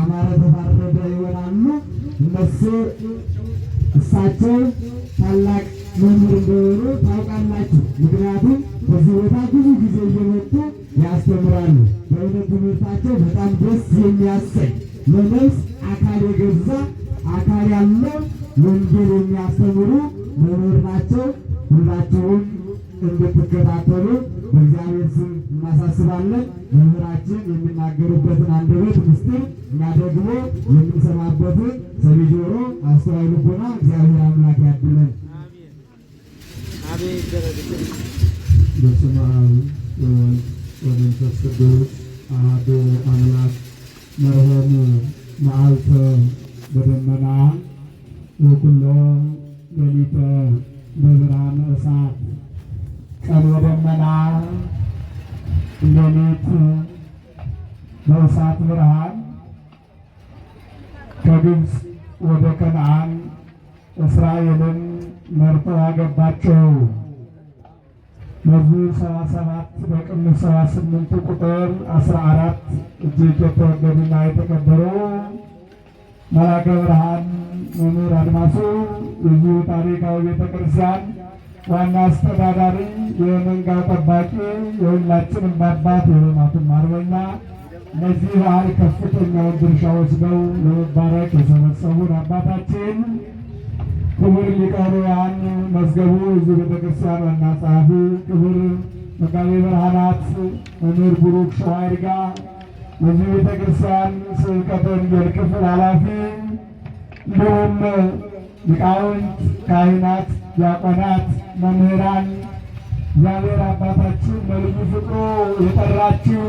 አማረ ተፋረደ ይሆናሉ። እነሱ እሳቸው ታላቅ መምህር እንደሆኑ ታውቃላችሁ። ምክንያቱም በዚህ ቦታ ብዙ ጊዜ እየመጡ ያስተምራሉ። በእውነት ትምህርታቸው በጣም ደስ የሚያሰኝ ለነፍስ አካል የገዛ አካል ያለው ወንጌል የሚያስተምሩ መምህር ናቸው። ሁላችሁም እንድትከታተሉ በእግዚአብሔር ስም እናሳስባለን። መምህራችን የሚናገሩበትን አንደበት ምስጢር እና ደግሞ የምንሰማበትን ሰሚ ጆሮ፣ አስተዋይ ልቦና እግዚአብሔር አምላክ ያድለን። በስመ አብ ወመንፈስ ቅዱስ አሐዱ አምላክ። መርሆም መዓልተ በደመና ወኩሎ ሌሊተ በብርሃነ እሳት ቀን ደመና ሌሊት በእሳት ብርሃን ከግብፅ ወደ ከነዓን እስራኤልን መርጦ አገባቸው። መዝሙር ሰባ ሰባት በቅንፍ ሰባ ቁጥር 14 አራት እጅግ የተወደዱና የተከበሩ መላከ ብርሃን መምህር አድማሱ የዚሁ ታሪካዊ ቤተክርስቲያን ዋና አስተዳዳሪ፣ የመንጋ ጠባቂ፣ የሁላችንም አባት የሕማማቱም አርበኛ እነዚህ በዓል ከፍተኛውን ድርሻ ወስደው ለመባረክ የሰበሰቡን አባታችን ክቡር ሊቀ ርዕሳን መዝገቡ እዚህ ቤተክርስቲያን ዋና ጸሐፊ፣ ክቡር መጋቤ ብርሃናት መምህር ብሩክ ሸዋይርጋ የዚህ ቤተክርስቲያን ስብከተ ወንጌል ክፍል ኃላፊ፣ እንዲሁም ሊቃውንት ካህናት ዲያቆናት፣ መምህራን እግዚአብሔር አባታችሁ በልዩ ፍቅሩ የጠራችሁ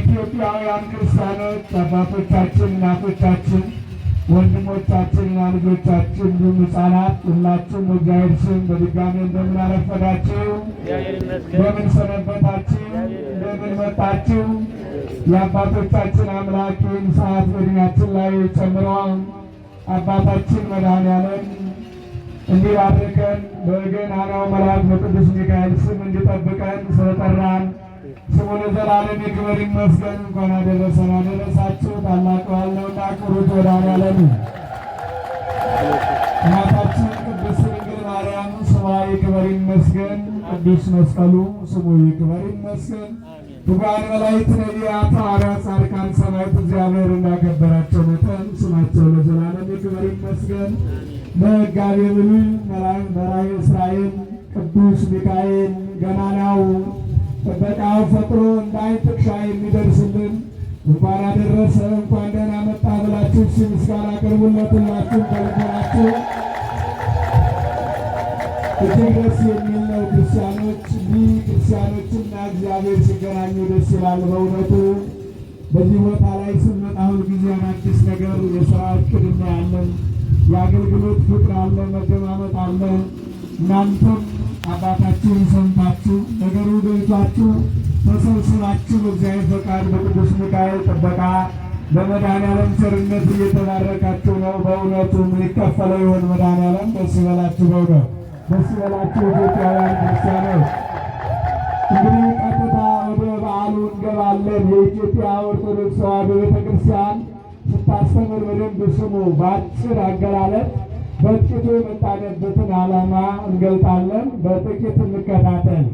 ኢትዮጵያውያን ክርስቲያኖች አባቶቻችን፣ እናቶቻችን፣ ወንድሞቻችንና ልጆቻችን እንዲሁም ሕፃናት ሁላችሁም በእግዚአብሔር ስም በድጋሚ እንደምን አረፈዳችሁ? እንደምን ሰነበታችሁ? እንደምን መጣችሁ? የአባቶቻችን አምላክ ይህን ሰዓት በዕድሜያችን ላይ ጨምረዋል አባታችን መድኃኔዓለም እንዲባርከን በገናናው መልአክ በቅዱስ ሚካኤል ስም እንዲጠብቀን ስለጠራን ስሙን ለዘላለም ይክበር ይመስገን። እንኳን አደረሰን አደረሳችሁ። ታላቅ በዓል ነውና አክብሩት። ወዳን ያለን እናታችን ቅድስት ድንግል ማርያም ስሟ ይክበር ይመስገን። ቅዱስ መስቀሉ ስሙ ይክበር ይመስገን። ጉባኤ መላእክት፣ ነቢያት፣ ሐዋርያት፣ ጻድቃን፣ ሰማዕታት እግዚአብሔር እንዳከበራቸው መጠን ስማቸው ለዘላለም ይክበር ይመስገን። መጋቤ ብሉይ መራዊ እስራኤል ቅዱስ ሚካኤል ገናናው ጥበቃው ፈጥሮ እንዳይ ጥቅሻ የሚደርስልን እንኳን አደረሰ እንኳን ደህና መጣ ብላችሁ እሱ ምስጋና አቅርቡለት። ሁላችሁም ከልቦናችሁ እጅግ ደስ የሚል ክርስቲያኖች ይህ ክርስቲያኖችና እግዚአብሔር ሲገናኙ ደስ ይላል። በእውነቱ በዚህ ቦታ ላይ ስንመጣ አሁን ጊዜ አዲስ ነገር የስራ እቅድ እናያለን። የአገልግሎት ፍቅር አለ፣ መደማመጥ አለ። እናንተም አባታችሁን ሰምታችሁ ነገሩ ገብቷችሁ ተሰብስባችሁ በእግዚአብሔር ፈቃድ በቅዱስ ሚካኤል ጥበቃ በመድኃኒዓለም ቸርነት እየተባረካችሁ ነው። በእውነቱ የሚከፈለው ይሆን መድኃኒዓለም ደስ ይበላችሁ ነው። ደስ ይበላችሁ ኢትዮጵያውያን ክርስቲያኖች። እንግዲህ ቀጥታ ወደ በዓሉ እንገባለን። የኢትዮጵያ ኦርቶዶክስ ተዋሕዶ ቤተ ክርስቲያን ስታስተምር በደንብ ስሙ። በአጭር አገላለጥ በጥቂቱ የመጣንበትን ዓላማ እንገልጣለን። በጥቂት እንከታተል።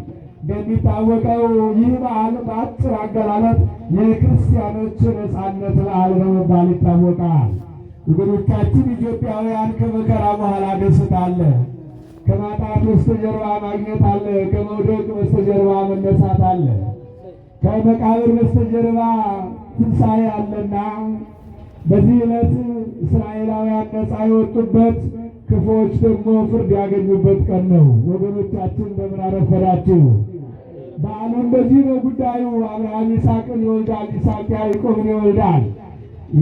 እንደሚታወቀው ይህ በዓል በአጭር አገላለጥ የክርስቲያኖች ነፃነት በዓል በመባል ይታወቃል። እንግዶቻችን ኢትዮጵያውያን ከመከራ በኋላ ደስታ አለ። ከማጣት በስተጀርባ ማግኘት አለ። ከመውደቅ በስተጀርባ መነሳት አለ። ከመቃብር በስተጀርባ ትንሣኤ አለና በዚህ ዕለት እስራኤላውያን ነፃ የወጡበት ክፉዎች ደግሞ ፍርድ ያገኙበት ቀን ነው። ወገኖቻችን በምን አረፈዳችሁ? በዓለም በዚህ ነው ጉዳዩ። አብርሃም ይስሐቅን ይወልዳል፣ ይስሐቅ ያዕቆብን ይወልዳል።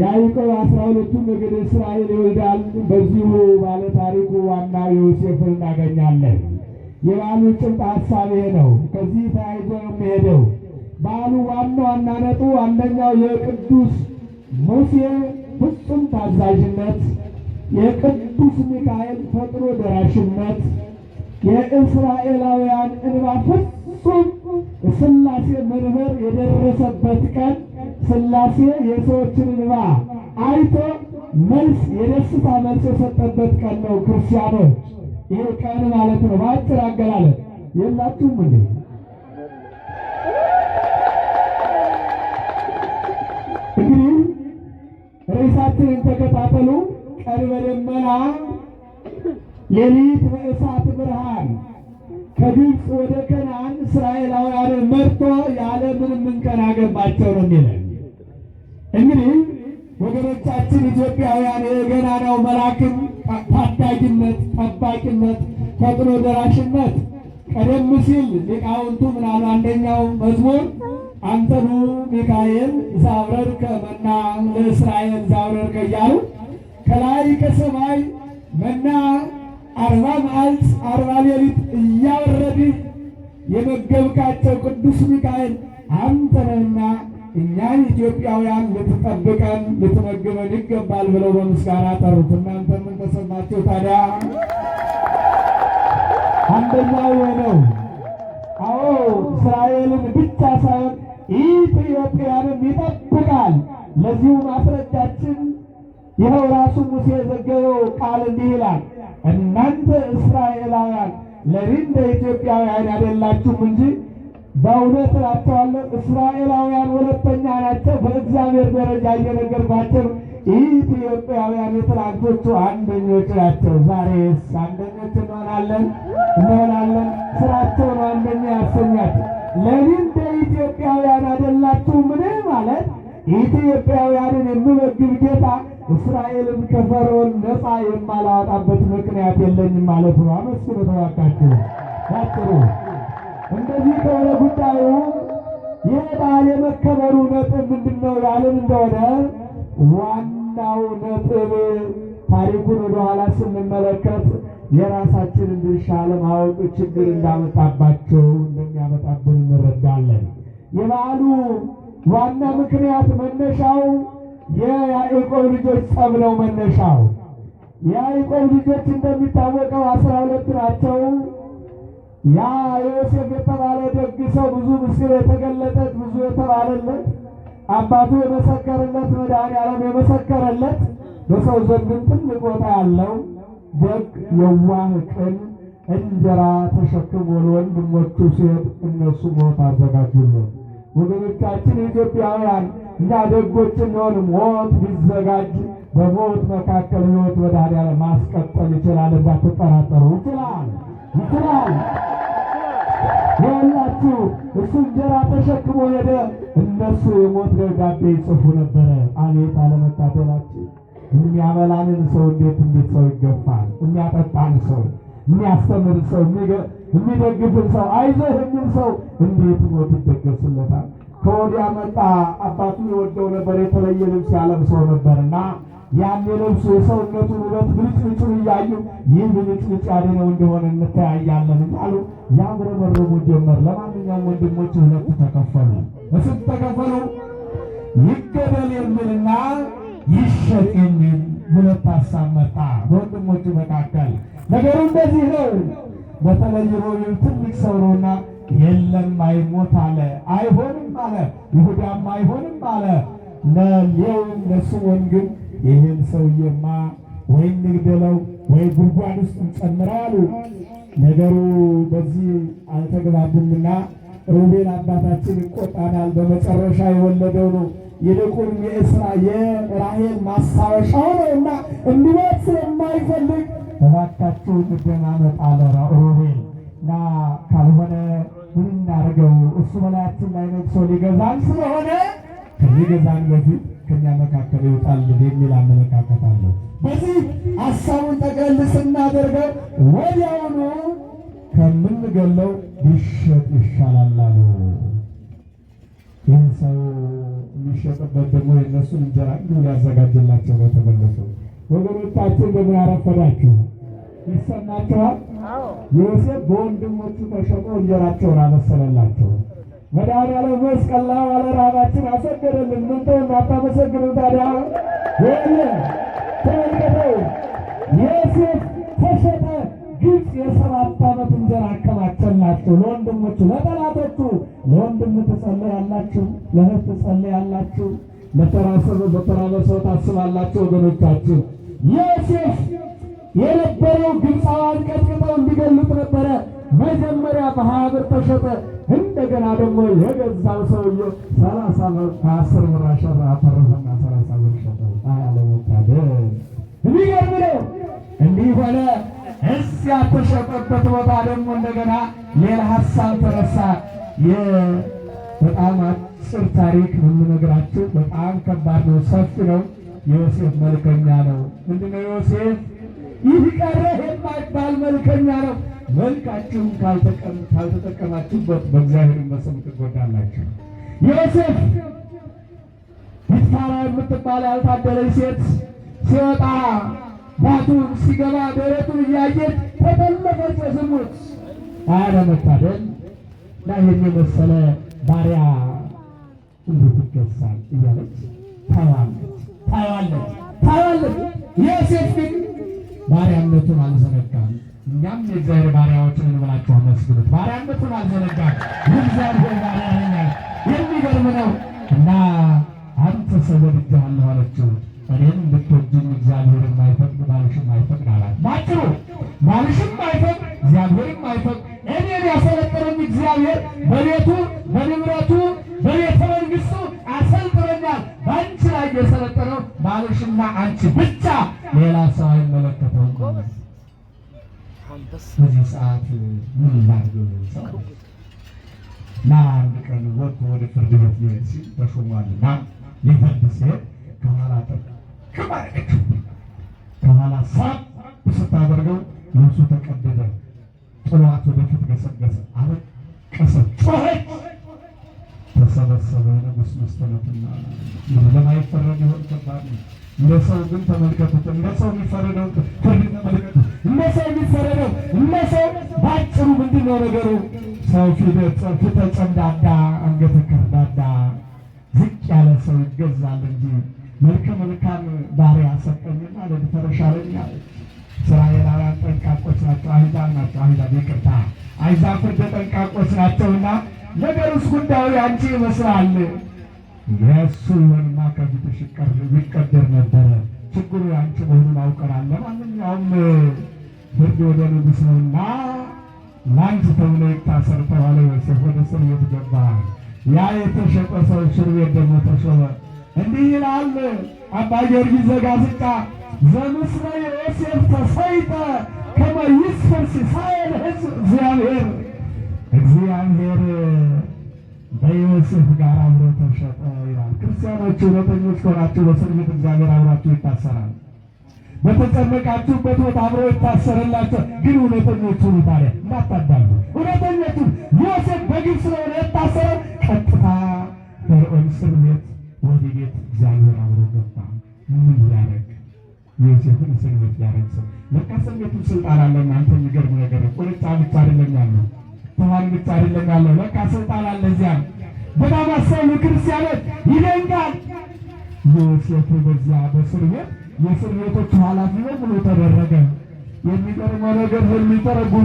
ያዕቆብ አስራ ሁለቱን ነገድ እስራኤል ይወልዳል። በዚሁ ባለ ታሪኩ ዋና ዮሴፍን እናገኛለን። የበዓሉ ጭምጥ ሀሳብ ይሄ ነው። ከዚህ ተያይዞ የሚሄደው በዓሉ ዋና ዋና ነጡ አንደኛው የቅዱስ ሙሴ ፍጹም ታዛዥነት፣ የቅዱስ ሚካኤል ፈጥኖ ደራሽነት፣ የእስራኤላውያን እንባ ፍጹም ስላሴ ምርምር የደረሰበት ቀን ስላሴ የሰዎችን እንባ አይቶ መልስ የደስታ መልስ የሰጠበት ቀን ነው። ክርስቲያኖች ይሄ ቀን ማለት ነው በአጭር አገላለጽ የላችሁም እንዴ? እንግዲህ ርዕሳችንን ተከታተሉ። ቀን በደመና ሌሊት በእሳት ብርሃን ከግብፅ ወደ ከነአን እስራኤላውያንን መርቶ ያለ ምንም እንከን አገባቸው ነው የሚለን እንግዲህ ወገኖቻችን ኢትዮጵያውያን የገናናው መልአክን ታዳጊነት፣ ጠባቂነት፣ ፈጥኖ ደራሽነት ቀደም ሲል ሊቃውንቱ ምናሉ አንደኛው መዝሙር አንተኑ ሚካኤል ዛብረርከ መና ለእስራኤል ዛብረርከ እያሉ ከላይ ከሰማይ መና አርባ መዓልት አርባ ሌሊት እያወረድህ የመገብካቸው ቅዱስ ሚካኤል አንተ እኛን ኢትዮጵያውያን ልትጠብቀን ልትመግበን ይገባል ብለው በምስጋና ጠሩት። እናንተ ምን ታዲያ? አንደኛው የነው አዎ እስራኤልን ብቻ ሳይሆን ኢትዮጵያንም ይጠብቃል። ለዚሁ ማስረጃችን ይኸው ራሱ ሙሴ የዘገበው ቃል እንዲህ ይላል፣ እናንተ እስራኤላውያን ለሪንደ ኢትዮጵያውያን ያደላችሁም እንጂ በእውነት እላቸዋለሁ እስራኤላውያን ሁለተኛ ናቸው። በእግዚአብሔር ደረጃ እየነገርኳቸው ኢትዮጵያውያን የትናንቶቹ አንደኞች ናቸው። ዛሬስ አንደኞች እንሆናለን እንሆናለን። ስራቸው ነው አንደኛ ያሰኛቸው። ለምን በኢትዮጵያውያን አይደላችሁ ምን ማለት ኢትዮጵያውያንን የምመግብ ጌታ እስራኤልን ከፈርዖን ነፃ የማላወጣበት ምክንያት የለኝም ማለት ነው። አመስግኑ ተባካችሁ ባጭሩ እንደዚህ ከሆነ ጉዳዩ ይህ በዓል የመከበሩ ነጥብ ምንድን ነው ያለን እንደሆነ ዋናው ነጥብ ታሪኩን ወደኋላ ስንመለከት የራሳችንን ድርሻ ለማወቅ ችግር እንዳመጣባቸው እንደሚያመጣብን እንረዳለን። የበዓሉ ዋና ምክንያት መነሻው የያዕቆብ ልጆች ጸብ ነው። መነሻው የያዕቆብ ልጆች እንደሚታወቀው አስራ ሁለት ናቸው። ያ ዮሴፍ የተባለ ደግ ሰው ብዙ ምስጢር የተገለጠት ብዙ የተባለለት አባቱ የመሰከረለት መድኃኔዓለም የመሰከረለት በሰው ዘንድም ትልቅ ቦታ ያለው ደግ የዋህ ቅን እንጀራ ተሸክሞ ለወንድሞቹ ሲሄድ እነሱ ሞት አዘጋጁለት ወገኖቻችን ኢትዮጵያውያን እኛ ደጎች እንሆን ሞት ቢዘጋጅ በሞት መካከል ሕይወት መድኃኔዓለም ማስቀጠል ይችላል። እንዳትጠራጠሩ ይችላል። ይችላል። ይኸውላችሁ እሱ እንጀራ ተሸክሞ ሄደ፣ እነሱ የሞት ደብዳቤ ይጽፉ ነበረ። አቤት አለመታደላችን! የሚያበላንን ሰው እንዴት እንዴት ሰው ይገፋል! የሚያጠጣን ሰው፣ የሚያስተምር ሰው፣ የሚደግፍን ሰው፣ አይዞህ የሚል ሰው እንዴት ሞት ይደገስለታል? ከወዲያ መጣ። አባቱ የወደው ነበር፣ የተለየ ልብስ ያለብሰው ነበርና ያን የለብሱ የሰውነቱን ውበት ብልጭልጩን እያዩ ይህ ብልጭልጭ ያደነው እንደሆነ እንተያያለን እያሉ ያምረመረሙ ጀመር። ለማንኛውም ወንድሞች ሁለት ተከፈሉ። በስንት ተከፈሉ? ይገደል የሚልና ይሸጥ የሚል ሁለት ሀሳብ መጣ በወንድሞቹ መካከል። ነገሩ እንደዚህ ነው። በተለይ ሮሚው ትልቅ ሰው ነውና የለም አይሞት አለ፣ አይሆንም አለ፣ ይሁዳም አይሆንም አለ። ለሌውም ለስምዖን ግን ይህን ሰውዬማ ወይ ንግደለው ወይ ጉድጓድ ውስጥ እንጨምረው አሉ። ነገሩ በዚህ አልተግባቡምና ሩቤን አባታችን ይቆጣናል። በመጨረሻ የወለደው ነው ይልቁን የእስራ የራሄል ማስታወሻው ነው እና እንዲወት የማይፈልግ ስለማይፈልግ እባካችሁ መጣለ ሮቤል እና ካልሆነ ምን እናደርገው? እሱ በላያችን ላይ ነግሶ ሊገዛን ስለሆነ ከሚገዛን በፊት ከኛ መካከል ይወጣል የሚል አመለካከት አለው። በዚህ ሀሳቡን ጠቅለል ስናደርገው ወዲያውኑ ከምንገለው ይሸጥ ይሻላል አሉ። ይህን ሰው የሚሸጥበት ደግሞ የእነሱን እንጀራ እንዲሁ ሊያዘጋጅላቸው ነው ተመለሱ። ወገኖቻችን በምን አረፈዳችሁ? ይሰማችኋል? ዮሴፍ በወንድሞቹ ተሸጦ እንጀራቸውን አበሰለላቸው። መድኃኒዓለም መስቀል ላይ ያለ ረሃባችን አሰገደልን። ምንተ እንዳታመሰግኑ ታዲያ የለም ተመልከተው። ዮሴፍ ተሸጠ፣ ግብፅ የሰባት ዓመት እንጀራ አከማቸላቸው ለወንድሞቹ ለጠላቶቹ። ለወንድም ትጸለያላችሁ፣ ለእህት ትጸለያላችሁ፣ ለተራሰበ በተራበ ሰው ታስባላችሁ ወገኖቻችሁ። ዮሴፍ የነበረው ግብፃውያን ቀጥቅጠው እንዲገሉት ነበረ። መጀመሪያ በሀብር ተሸጠ። እንደገና ደግሞ የገዛው ሰውዬ ሰላሳ ብር ከአስር ብር አሸራ አተረፈና ሰላሳ ብር ሸጠው። አያለመታደል የሚገርም እንዲህ ሆነ። እዚያ ተሸጠበት ቦታ ደግሞ እንደገና ሌላ ሀሳብ ተረሳ። በጣም አጭር ታሪክ የምነግራችሁ በጣም ከባድ ነው፣ ሰፊ ነው። ዮሴፍ መልከኛ ነው። ምንድነው ዮሴፍ? ይህ ቀረህ የማይባል መልከኛ ነው። መልካችሁን ካልተጠቀማችሁበት በእግዚአብሔር በስም ትጎዳላችሁ። ዮሴፍ ጲጥፋራ የምትባል ያልታደለች ሴት ሲወጣ ባቱን ሲገባ ደረቱን እያየት ተጠለፈች በዝሙት። አያለመታደል እና ይህን የመሰለ ባሪያ እንዴት ይገሳል እያለች ታዋለች ታዋለች ታዋለች። ዮሴፍ ግን ባሪያነቱን አልዘነጋም። እኛም የእግዚአብሔር ባሪያዎችን እንብላችሁ አመስግኑት። ባሪያነቱን አልዘነጋም። የእግዚአብሔር ባሪያ የሚገርም ነው እና አንተ ሰው ወድጄሃለሁ አለችው። እኔም ብትወጂኝ እግዚአብሔር የማይፈቅድ ባልሽም አይፈቅድ አላት። ባጭሩ ባልሽም አይፈቅድ፣ እግዚአብሔርም አይፈቅድ። እኔን ያሰለጠነኝ እግዚአብሔር በቤቱ በንብረቱ በቤተ መንግሥቱ አሰልጥኖኛል። በአንቺ ላይ የሰለጠነው ባልሽና አንቺ ብቻ፣ ሌላ ሰው አይመለከተውም። በዚህ ሰዓት ምን ላድርግ ሰው እና አንድ ቀን ወጥቶ ወደ ፍርድ ቤት ሊሄድ ሲል ተሾሟልና ሊፈርድ ሲሄድ ከኋላ ጥቅም አደረገችው። ከኋላ ሳብ ስታደርገው ልብሱ ተቀደደ። ጥሏት ወደፊት ገሰገሰ፣ አለቀሰ፣ ጮኸች። ተሰበሰበ ንጉሥ መስተነትና ለማይፈረድ ይሆን ከባድ ነው ለሰው ግን ተመልከቱት። ለሰው የሚፈረደው ፍርድ ተመልከቱት። ለሰው የሚፈረደው ለሰው ባጭሩ ምንድን ነው ነገሩ? ሰው ፊት ተጨምዳዳ፣ አንገተ ከርዳዳ፣ ዝቅ ያለ ሰው ይገዛል እንጂ መልከ መልካም ባሪያ ሰጠኝና ለድፈረሻ እስራኤላውያን ጠንቃቆች ናቸው። አሕዛብ ናቸው። አሕዛብ ይቅርታ፣ አሕዛብ ፍርድ ጠንቃቆች ናቸውና ነገሩስ ጉዳዩ አንቺ ይመስላል የእሱ ወልማ ከፊትሽ ይቀደር ነበረ። ችግሩ ያንቺ መሆኑን አውቀናል። ለማንኛውም ፍርድ ወደ ንጉሥ ነውና ላንቺ ተብሎ ይታሰር ተባለ። ዮሴፍ ወደ እስር ቤት ገባ። ያ የተሸጠ ሰው እስር ቤት ደግሞ ተሾመ። እንዲህ ይላል አባ ጊዮርጊስ ዘጋሥጫ ዘምስለ ዮሴፍ ተሰይጠ ከመ ይስፈር ሲሳየል ሕዝብ እግዚአብሔር እግዚአብሔር በዮሴፍ ጋር አብሮ ተሸጠ ይላል። ክርስቲያኖች እውነተኞች ከሆናችሁ በእስር ቤት እግዚአብሔር አብሯችሁ ይታሰራል። በተጨነቃችሁበት ቦታ አብሮ ይታሰርላቸው። ግን እውነተኞቹ ታዲያ እንዳታዳሉ። እውነተኞቹ ዮሴፍ በግብ ስለሆነ የታሰረ ቀጥታ ፈርዖን እስር ቤት ወደ ቤት እግዚአብሔር አብሮ ገባ። ምን ያደረግ ዮሴፍን እስር ቤት ያደረግ ሰው ለካ ስሜቱም ስልጣን አለ። እናንተ የሚገርም መዳን ብቻ አይደለም ያለው። በቃ ስልጣን አለ እዚያ። በጣም አስተውሉ ክርስቲያኖች፣ ይደንቃል። ዮሴፍ በዚያ በእስር ቤት የእስር ቤቶቹ ኃላፊ ነው ብሎ ተደረገ። የሚገርመው ነገር ሁሉ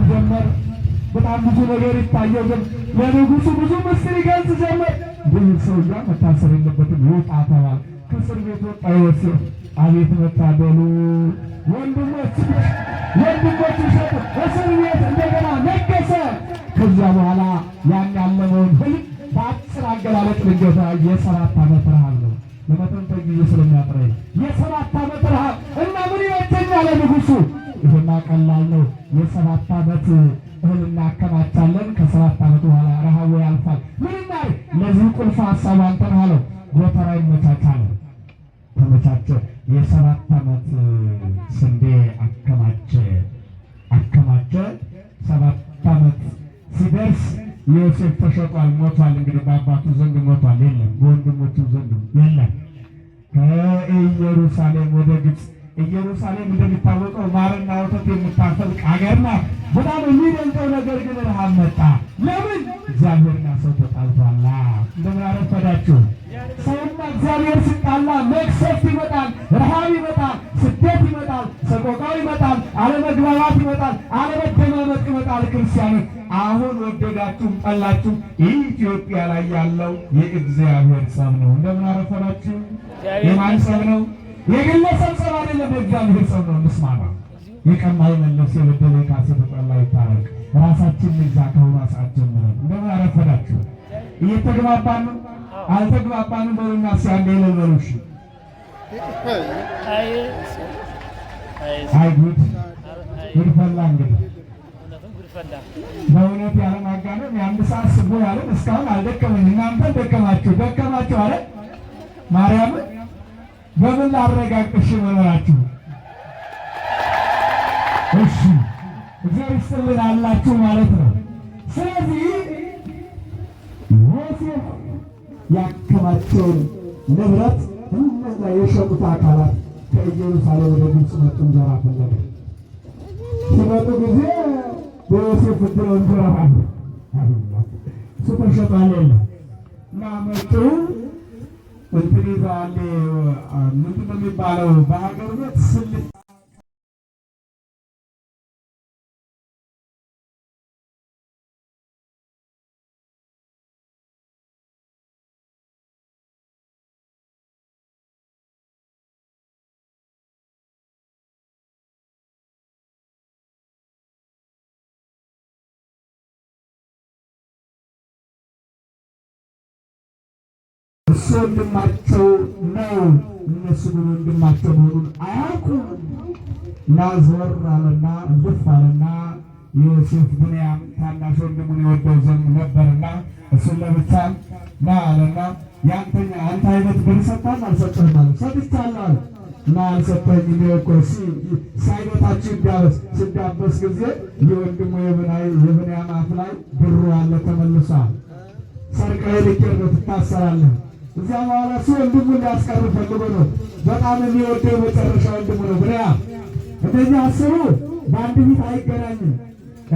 ጀመር። በጣም ብዙ ነገር ይታየው ግን ለንጉሱ ብዙ ምስጢር ይገልጽ ጀመር። ብዙ ሰው መታሰር የለበትም ይውጣ ተባለ። ከእስር ቤት ወጣ ዮሴፍ። አቤት መታደሉ! ወንድሞች ወንድሞቹ ሸጡ፣ እስር ቤት እንደገና ነገሰ። ከዚያ በኋላ ያን ያለመውን ሁሉ በአጭር አገላለጥ ልገታ የሰባት ዓመት ረሃብ ነው። ለመተንተን ጊዜ ስለሚያጥረኝ የሰባት ዓመት ረሃብ እና ምን ይበተኛል? ንጉሱ ይህማ ቀላል ነው። የሰባት ዓመት እህል እናከማቻለን። ከሰባት ዓመት በኋላ ረሃቡ ያልፋል። ምንና ለዚህ ቁልፍ ሀሳብ አንተን አለው። ጎተራ ይመቻቻል። ተመቻቸ። የሰባት ዓመት ስንዴ አከማቸ አከማቸ ሰባት ዮሴፍ ተሸጧል፣ ሞቷል። እንግዲህ በአባቱ ዘንድ ሞቷል፣ የለም በወንድሞቹ ዘንድ የለም። ከኢየሩሳሌም ወደ ግብፅ ኢየሩሳሌም እንደሚታወቀው ማርና ወተት የምታፈልቅ ሀገር ናት። በጣም የሚደንቀው ነገር ግን ረሃብ መጣ። ለምን? እግዚአብሔርና ሰው ተጣልቷላ። እንደምን አረፈዳችሁ? ሰውና እግዚአብሔር ሲጣላ መቅሰፍት ይመጣል፣ ረሃብ ይመጣል፣ ስደት ይመጣል፣ ሰቆቃው ይመጣል፣ አለመግባባት ይመጣል፣ አለመደማመጥ ይመጣል። ክርስቲያኖች አሁን ወደዳችሁም ጠላችሁ ኢትዮጵያ ላይ ያለው የእግዚአብሔር ሰብ ነው። እንደምን አረፈዳችሁ? የማን ሰብ ነው? የግለሰብ ጸብ አይደለም፣ የእግዚአብሔር ጸብ ነው። እንስማማ። የቀማ ይመለስ፣ የበደለ የካሰ ተጠላ ይታረቅ። ራሳችን ይዛ ከሆነ ሰዓት ጀምረ እንደምን አረፈዳችሁ? እየተግባባን አልተግባባን በሉና ሲ አንድ አይ ጉድ ጉድ እንግዲህ በእውነት ያለማጋነን የአንድ ሰዓት ስቦ ያለን እስካሁን አልደከመኝ። እናንተ ደከማችሁ ደከማችሁ አለ ማርያምን በምን ላረጋግጥሽ መኖራችሁ? እሺ እግዚአብሔር ይስጥልን አላችሁ ማለት ነው። ስለዚህ ዮሴፍ ያከማቸውን ንብረት እነዛ የሸጡት አካላት ከኢየሩሳሌም ወደ ግብፅ መጡ፣ እንጀራ ፈለገ። ሲመጡ ጊዜ በዮሴፍ እንጀራ አሉ። እሱ ተሸጧል የለ እና መጡ እንትን ይዘው ምንድን ነው የሚባለው በሀገር ቤት ስልት ወንድማቸው ነው። እነሱ ግን ወንድማቸው መሆኑን አያውቁም እና ዞር አለና ልፍ አለና ዮሴፍ ብንያም ታናሽ ወንድሙን የወደው ዘንድ ነበርና እሱን ለብቻ ና አለና ያንተኛ አንተ አይነት ብር ሰጣን አልሰጠህም አለ። ሰጥቻለሁ እና አልሰጠኝም። ይኸው እኮ ሳይበታችሁ ስዳበስ ጊዜ የወንድሙ የብንያም አፍ ላይ ብሩ አለ ተመልሷል። ሰርቀህ ልኬር ነው ትታሰራለህ እዚያ በኋላ እሱ ወንድሙ እንዳያስቀር ፈልጎ ነው። በጣም የሚወደው የመጨረሻ ወንድሙ ነው። ብንያም እነዚህ አስሩ በአንድ ፊት አይገናኝም።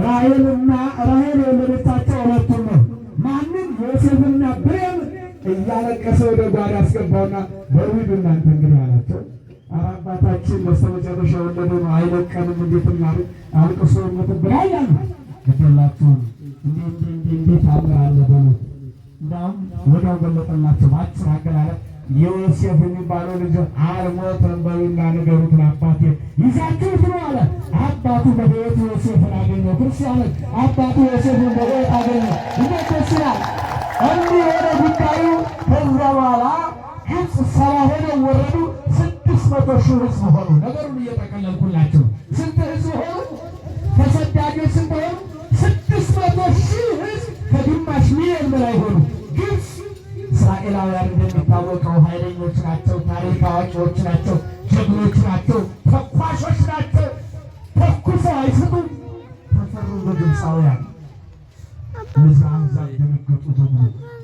ራሔልና ራሔል የወለደቻቸው ሁለቱም ነው። ማንም ዮሴፍና ብንያም እያለቀሰ ወደ ጓዳ አስገባውና በርዊዱ እናንተ እንግዲህ አላቸው። አባታችን በስተመጨረሻ ወለደ ነው አይለቀንም። እንዴት እናድርግ? አልቅሶ ሞትብናል ያሉ ግደላችሁን እንዲህ እንዲህ እንዲህ እንዴት አምር አለ በሉት እንዳውም ወዲያው ገለጠላቸው። በአጭር አገላለጥ የዮሴፍ የሚባለው ልጅ አልሞተም በሉና ንገሩትን አባቴ ይዛችሁት ነው አለ። አባቱ በሕይወት ዮሴፍን አገኘው። ክርስቲያኖች አባቱ ዮሴፍን በሕይወት አገኘው። እንዴት ደስ ይላል! እንዲህ ወደ ጉዳዩ ከዛ በኋላ ግብፅ ሰባ ሆነው ወረዱ። ስድስት መቶ ሺህ ሕዝብ ሆኑ። ነገሩን እየጠቀለልኩላቸው ስንት ሕዝብ ሆኑ? ተሰዳጆች ስንት ሆኑ? ስድስት መቶ ሺህ ሕዝብ ከግማሽ ሚሊዮን በላይ ሆኑ። እስራኤላውያን እንደሚታወቀው ኃይለኞች ናቸው፣ ታሪክ አዋቂዎች ናቸው፣ ጀግኖች ናቸው፣ ተኳሾች ናቸው። ተኩሰው አይስጡም። ተፈሩ በግብፃውያን ምዛም ዛም ደነገጡ። ደግሞ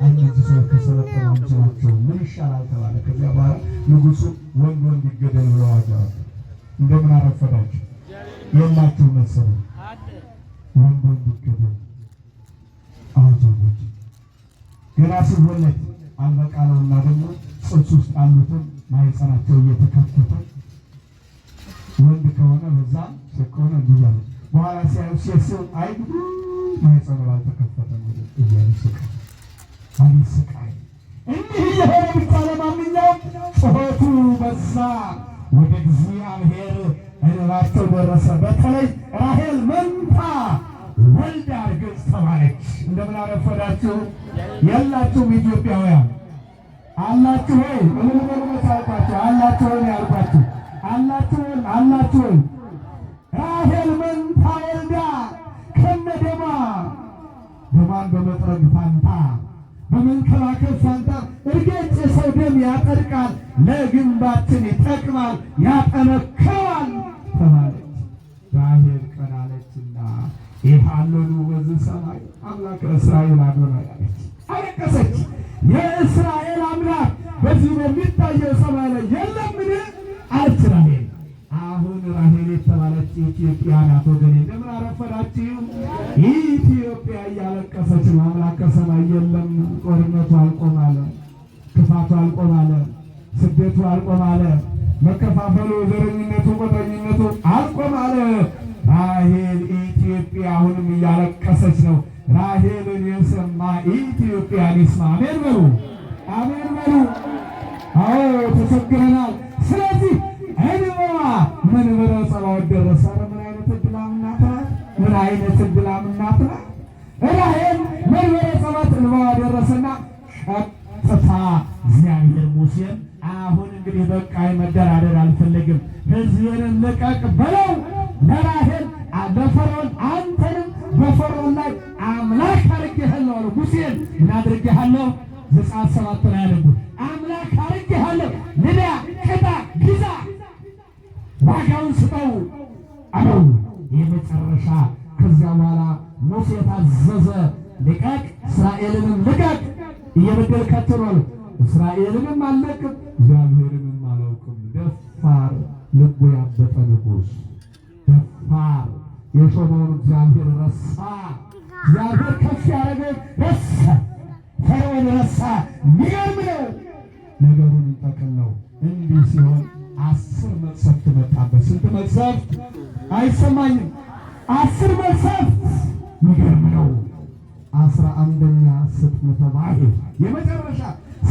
እነዚህ ሰዎች ከሰለጠኑ አምስላቸው ምን ይሻላል ተባለ። ከዚያ በኋላ ንጉሱ ወንድ ወንድ ይገደል ብለው አዋጅ። እንደምን አረፈዳችሁ የላችሁ መሰሉ ወንድ ወንድ ይገደል አዋጅ ገና ሲወለድ አልበቃለውና ደግሞ ጽንስ ውስጥ ያሉትን ማህፀናቸው እየተከፈተ ወንድ ከሆነ በዛ ሴት ከሆነ እንዲያሉ በኋላ ሲያዩ ሴት ሲሆን አይ ማህፀኑ ባልተከፈተ እያሉ ስቃይ አቤት ስቃይ እንዲህ እየሆነ ብቻ ለማንኛውም ጩኸቱ በዛ ወደ እግዚአብሔር እንባቸው ደረሰ። በተለይ ራሔል መንታ ወልዳ አስተማረች። እንደምን አረፈዳችሁ? የላችሁም ኢትዮጵያውያን አላችሁ ወይ? እሁን በሉመት አልኳችሁ። አላችሁን ያልኳችሁ አላችሁን አላችሁን ራሄል መንታ ወልዳ ከነ ደማ ደማን በመጥረግ ፋንታ በመንከባከብ ፋንታ እርግጥ የሰው ደም ያጠርቃል፣ ለግንባችን ይጠቅማል፣ ያጠነክራል ተባለች። ራሄል ቀና የታመኑ በዚህ ሰማይ አምላክ እስራኤል አዶናይ አለች፣ አለቀሰች። የእስራኤል አምላክ በዚህ በሚታየው ሰማይ ላይ የለምን አለች ራሄል። አሁን ራሄል የተባለች ኢትዮጵያ ናት ወገኔ፣ እንደምን አረፈዳችሁ? ኢትዮጵያ እያለቀሰች ነው። አምላክ ከሰማይ የለም። ጦርነቱ አልቆም አለ፣ ክፋቱ አልቆም አለ፣ ስደቱ አልቆም አለ፣ መከፋፈሉ፣ ዘረኝነቱ፣ ቆጠኝነቱ አልቆም አለ። ራሄል ኢትዮጵያ አሁንም እያለቀሰች ነው። ራሄልን የሰማ ኢትዮጵያን ይስማ። አሜን በሉ፣ አሜን በሉ። አዎ ተቸግረናል። ስለዚህ እድሜዋ መንበረ ጸባዖት ደረሰ። ምን አይነት እድል አምናት ምን አይነት እድል አምናት ናት! ራሄል መንበረ ጸባዖት እድሜዋ ደረሰና ቀጥታ እግዚአብሔር ሙሴን አሁን እንግዲህ በቃ መደራደር አልፈለግም ሕዝቤን ልቀቅ ብለው ለራሔል በፈርዖን አንተንም በፈርዖን ላይ አምላክ አድርጌሃለሁ አሉ። ሙሴን ምን አድርጌሃለሁ? ዘጸአት ሰባት ላይ ያደርጉ አምላክ አድርጌሃለሁ። ንዳ፣ ቅጣ፣ ግዛ፣ ዋጋውን ስጠው አለው። የመጨረሻ ከዚያ በኋላ ሙሴ ታዘዘ፣ ልቀቅ፣ እስራኤልንም ልቀቅ፣ እየበደልካቸው ነው እስራኤልንም አልለቅም፣ እግዚአብሔርንም አላውቅም ደፋር ልቡ ያበጠ ንጉሥ ደፋር የሾመውን እግዚአብሔር ረሳ። እግዚአብሔር ከፍ ያደረገውን ረሳ። ፈርዖን ረሳ። ሚገርም ነው። ነገሩን እንጠቅል ነው። እንዲህ ሲሆን አስር መቅሰፍት መጣበት። ስንት መቅሰፍት? አይሰማኝም። አስር መቅሰፍት። ሚገርም ነው። አስራ አንደኛ ስጥመተባሄ የመጨረሻ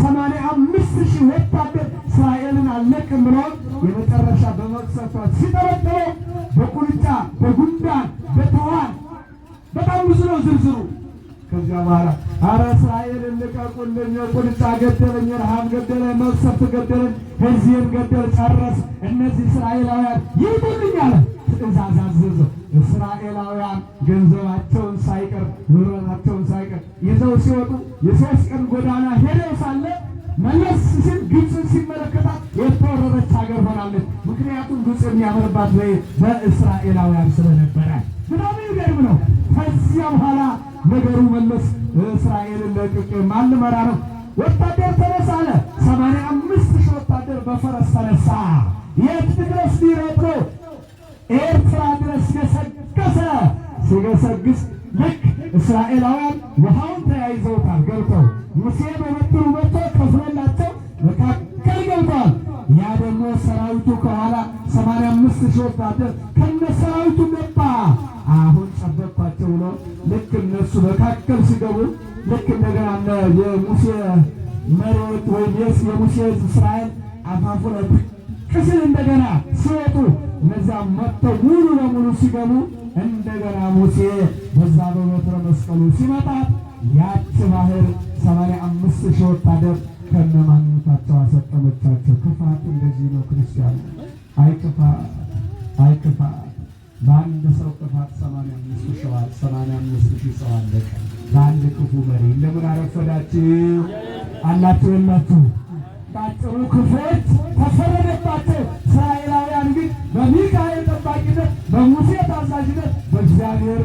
ሰማንያ አምስት ሺህ ወታደር እስራኤልን አለቅም ብሎን የመጨረሻ በመቅሰፍቷት ሲጠረጥረው በቁልጫ በጉንዳን በተዋን በጣም ብዙ ነው ዝርዝሩ። ከዚያ በኋላ አረ እስራኤልን ልቀቁልን፣ የቁልጫ ገደለኝ፣ የረሃብ ገደለ፣ መቅሰፍት ገደለኝ፣ ሕዝብን ገደል ጨረስ፣ እነዚህ እስራኤላውያን ይሙልኝ አለ። ትእዛዝ አዘዘ። እስራኤላውያን ገንዘባቸውን ሳይቀር ንብረታቸውን ይዘው ሲወጡ የሶስት ቀን ጎዳና ሄደው ሳለ መለስ ሲል ግብፅን ሲመለከታት የተወረረች ሀገር ሆናለች። ምክንያቱም ግብፅ የሚያምርባት ወይ በእስራኤላውያን ስለነበረ በጣም የሚገርም ነው። ከዚያ በኋላ ነገሩ መለስ እስራኤልን ለቅቄ ማልመራ ነው። ወታደር ተነሳ አለ። ሰማንያ አምስት ሺህ ወታደር በፈረስ ተነሳ። የት ድረስ ሊሮጥ ኤርትራ ድረስ ገሰገሰ። ሲገሰግስ ልክ እስራኤላውያን ውሃውን ተያይዘውታል ገብተው ሙሴ በበትሩ መጥቶ ከፍሎላቸው መካከል ገብተዋል። ያ ደግሞ ሰራዊቱ ከኋላ ሰማንያ አምስት ሺህ ወታደር ከነ ሰራዊቱ ገባ። አሁን ጨበኳቸው ብሎ ልክ እነሱ መካከል ሲገቡ ልክ እንደገና የሙሴ መሪዎች ወይም የሙሴ እስራኤል አፋፉለት ቅስል እንደገና ሲወጡ እነዚያ መጥተው ሙሉ ለሙሉ ሲገቡ እንደገና ሙሴ በዛ በበትረ መስቀሉ ሲመጣት ያች ባህር ሰማንያ አምስት ሺህ ወታደር ከነማንነታቸው አሰጠመቻቸው። ክፋት እንደዚህ ነው። ክርስቲያኑ አይክፋ አይክፋ በአንድ ሰው ክፋት ሰማንያ አምስት ሸዋል ሰማንያ አምስት ሺህ ሰው አለቀ። በአንድ ክፉ መሪ ለምን አረፈዳችሁ አላችሁ የላችሁ ባጭሩ ክፎች ተፈረደባቸው። እስራኤላውያን ግን በሚካ ጠባቂነት፣ በሙሴ ታዛዥነት፣ በእግዚአብሔር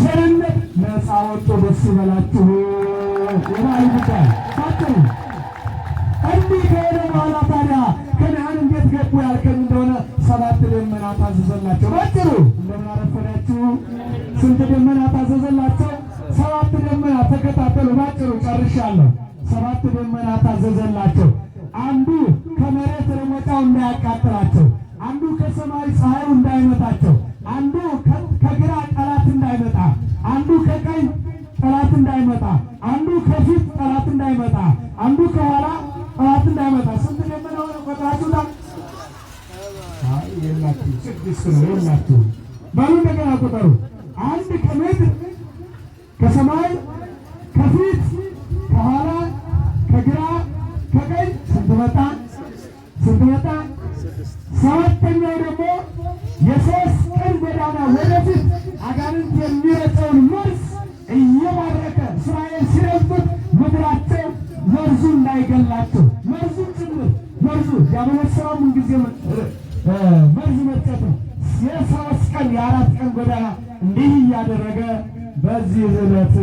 ቸርነት ነፃ ወጡ። ደስ ይበላችሁ። የባህል ጉዳይ እንዲህ ከሄደ በኋላ ታዲያ ከነዓን እንዴት ገቡ ያልከን እንደሆነ ሰባት ደመና ታዘዘላቸው። ባጭሩ እንደምን አረፈዳችሁ። ስንት ደመና ታዘዘላቸው? ሰባት ደመና። ተከታተሉ። ባጭሩ ጨርሻለሁ። ሰባት ደመና ታዘዘላቸው። አንዱ ከመሬት ርሞጫው እንዳያቃጥላቸው አንዱ ከሰማይ ፀሐዩ እንዳይመታቸው፣ አንዱ ከግራ ጠላት እንዳይመጣ፣ አንዱ ከቀኝ ጠላት እንዳይመጣ፣ አንዱ ከፊት ጠላት እንዳይመጣ፣ አንዱ ከኋላ ጠላት እንዳይመጣ። ስንት ደመና ሆነ? ቆጥራችሁታል? የላችሁ ስድስት ነው የላችሁ አራተኛው ደግሞ የሶስት ቀን ጎዳና ወደፊት አጋንንት የሚረጨውን መርዝ እየባረከ እስራኤል ሲረግጡት ምድራቸው መርዙ እንዳይገላቸው መርዙ ጭምር መርዙ የአመት ምንጊዜ መርዝ መርጨት ነው። የሶስት ቀን የአራት ቀን ጎዳና እንዲህ እያደረገ በዚህ ዕለት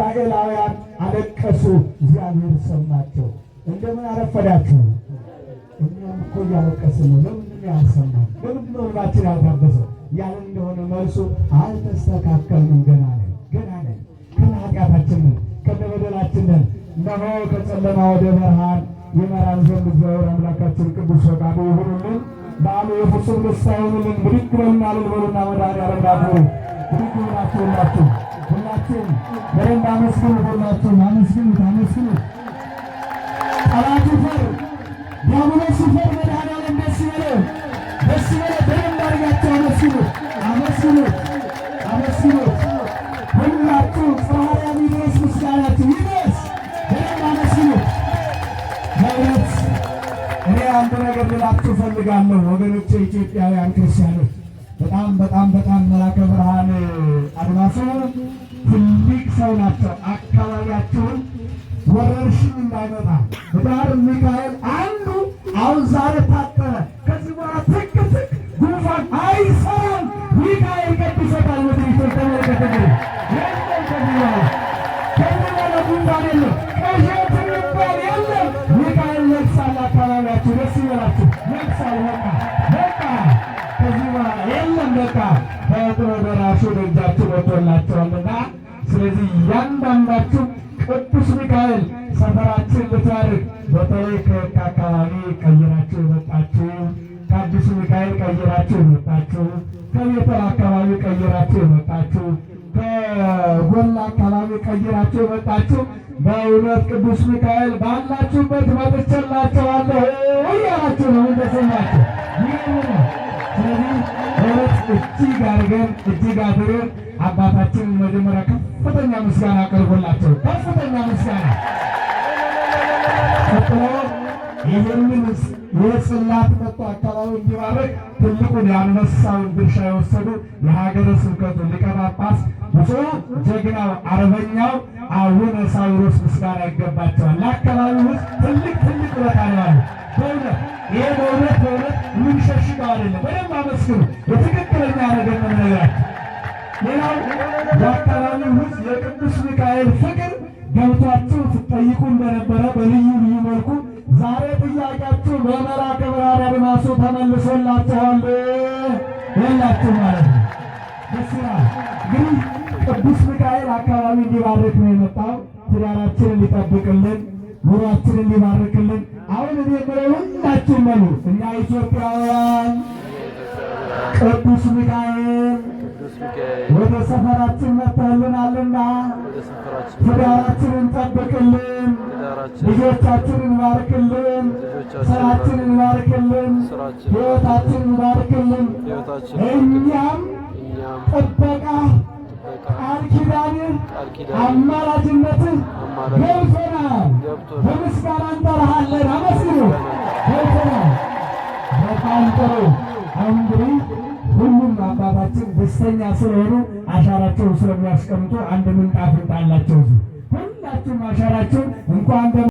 እስራኤላውያን አለቀሱ፣ እግዚአብሔር ሰማቸው። እንደምን አረፈዳችሁ? እኛም እኮ እያለቀስን ነው። ለምንድን ያልሰማን? ለምንድን ነው ልባችን ያልታበሰው? ያንን እንደሆነ መልሱ አልተስተካከልንም። ገና ነን፣ ገና ነን፣ ከነ ነን፣ ከነ ነን። እነሆ ከጨለማ ወደ ብርሃን የመራን ዘንድ እግዚአብሔር አምላካችን ቅዱስ ፈቃዱ ይሁንልን። በዓሉ የፍጹም ደስታ ይሁንልን። ብድግ በሉና ብድግ በደንብ አመስግኑ፣ ሁላችሁ አመስግኑት፣ አመስግኑት። ጠላቱ ፈር፣ ዲያብሎሱ ፈር፣ መድኃኔዓለም ደስ ይበለው፣ ደስ ይበለው። በደንብ አድርጋችሁ አመስግኑት፣ አመስግኑት፣ አመስግኑት። ሁላችሁ ጽርሐ ይድረስ፣ ምስጋናችሁ ይድረስ። በደንብ አመስግኑት። በእውነት እኔ አንድ ነገር ልላችሁ እፈልጋለሁ ወገኖቼ፣ ኢትዮጵያውያን ክርስቲያኖች በጣም በጣም በጣም መላከ ብርሃን አድማሱ ትልቅ ሰው ናቸው። አካባቢያቸውን ወረርሽኝ እንዳይመጣ ኅዳር ሚካኤል አንዱ አሁን ዛሬ ታጠረ። ከዚህ በኋላ ትክ ትክ ጉንፋን አይሰራም። ሚካኤል ቀድሶታል። ምድሪቱን ተመልከተ። ከዚህ በኋላ የለም። በቃ ተጥሮ ደራሹ ደጃችሁ ወጥቶላቸዋልና ስለዚህ እያንዳንዳችሁ ቅዱስ ሚካኤል ሰፈራችን ልታርግ በተለይ ከየካ አካባቢ ቀይራችሁ የመጣችሁ ከአዲሱ ሚካኤል ቀይራችሁ የመጣችሁ ከቤተ አካባቢ ቀይራችሁ የመጣችሁ ከጎላ አካባቢ ቀይራችሁ የመጣችሁ በእውነት ቅዱስ ሚካኤል ባላችሁበት መጥቼላቸዋለሁ እያላችሁ ነው እንደሰማችሁ ይህ ስለዚህ በእውነት እጅግ አድርገን እጅግ አድርገን አባታችን መጀመሪያ ከፍተኛ ምስጋና አቅርቦላቸው ከፍተኛ ምስጋና ቀጥሎ ይህንን የጽላት መጥቶ አካባቢ እንዲባረክ ትልቁን የአንበሳውን ድርሻ የወሰዱ የሀገረ ስብከቱ ሊቀ ጳጳስ ብፁዕ ጀግናው አርበኛው አቡነ ሳዊሮስ ምስጋና ይገባቸዋል። ለአካባቢው ውስጥ ትልቅ ትልቅ ቦታ ነው ያሉ። በእውነት ይሄ በእውነት በእውነት የምንሸሽገው አይደለም። በደንብ አመስግኑ። በትክክለኛ ነገር ነው ነገራቸው። ሌላው በአካባቢው ውስጥ የቅዱስ ሚካኤል ፍቅር ገብቷችሁ ስትጠይቁ እንደነበረ በልዩ ልዩ መልኩ ዛሬ ጥያቄያችሁ በመራ ብርሃን አድማሱ ተመልሶላችኋል። የላችሁ ማለት ነው። ደስ ይላል። እንግዲህ ቅዱስ ሚካኤል አካባቢ እንዲባርክ ነው የመጣው። ትዳራችንን ሊጠብቅልን፣ ኑሯችንን ሊባርክልን። አሁን እኔ የምለው ሁላችን መሉ እኛ ኢትዮጵያውያን ቅዱስ ሚካኤል ወደ ሰፈራችን መጥተህልናልና ትዳራችንን ጠብቅልን፣ ልጆቻችንን ባርክልን፣ ስራችንን ባርክልን፣ ሕይወታችንን ባርክልን እኛም ጥበቃ ቃል ኪዳንን አማላጅነትን ገብቶናል። በምስጋና እንጠራሃለን። አመስግኑ። ገብቶናል። በጣም ጥሩ። እንግዲህ ሁሉም አባታችን ደስተኛ ስለሆኑ አሻራቸው ስለሚያስቀምጡ አንድ ምንጣፍ እንጣላቸው። ሁላችሁም አሻራችሁን እንኳን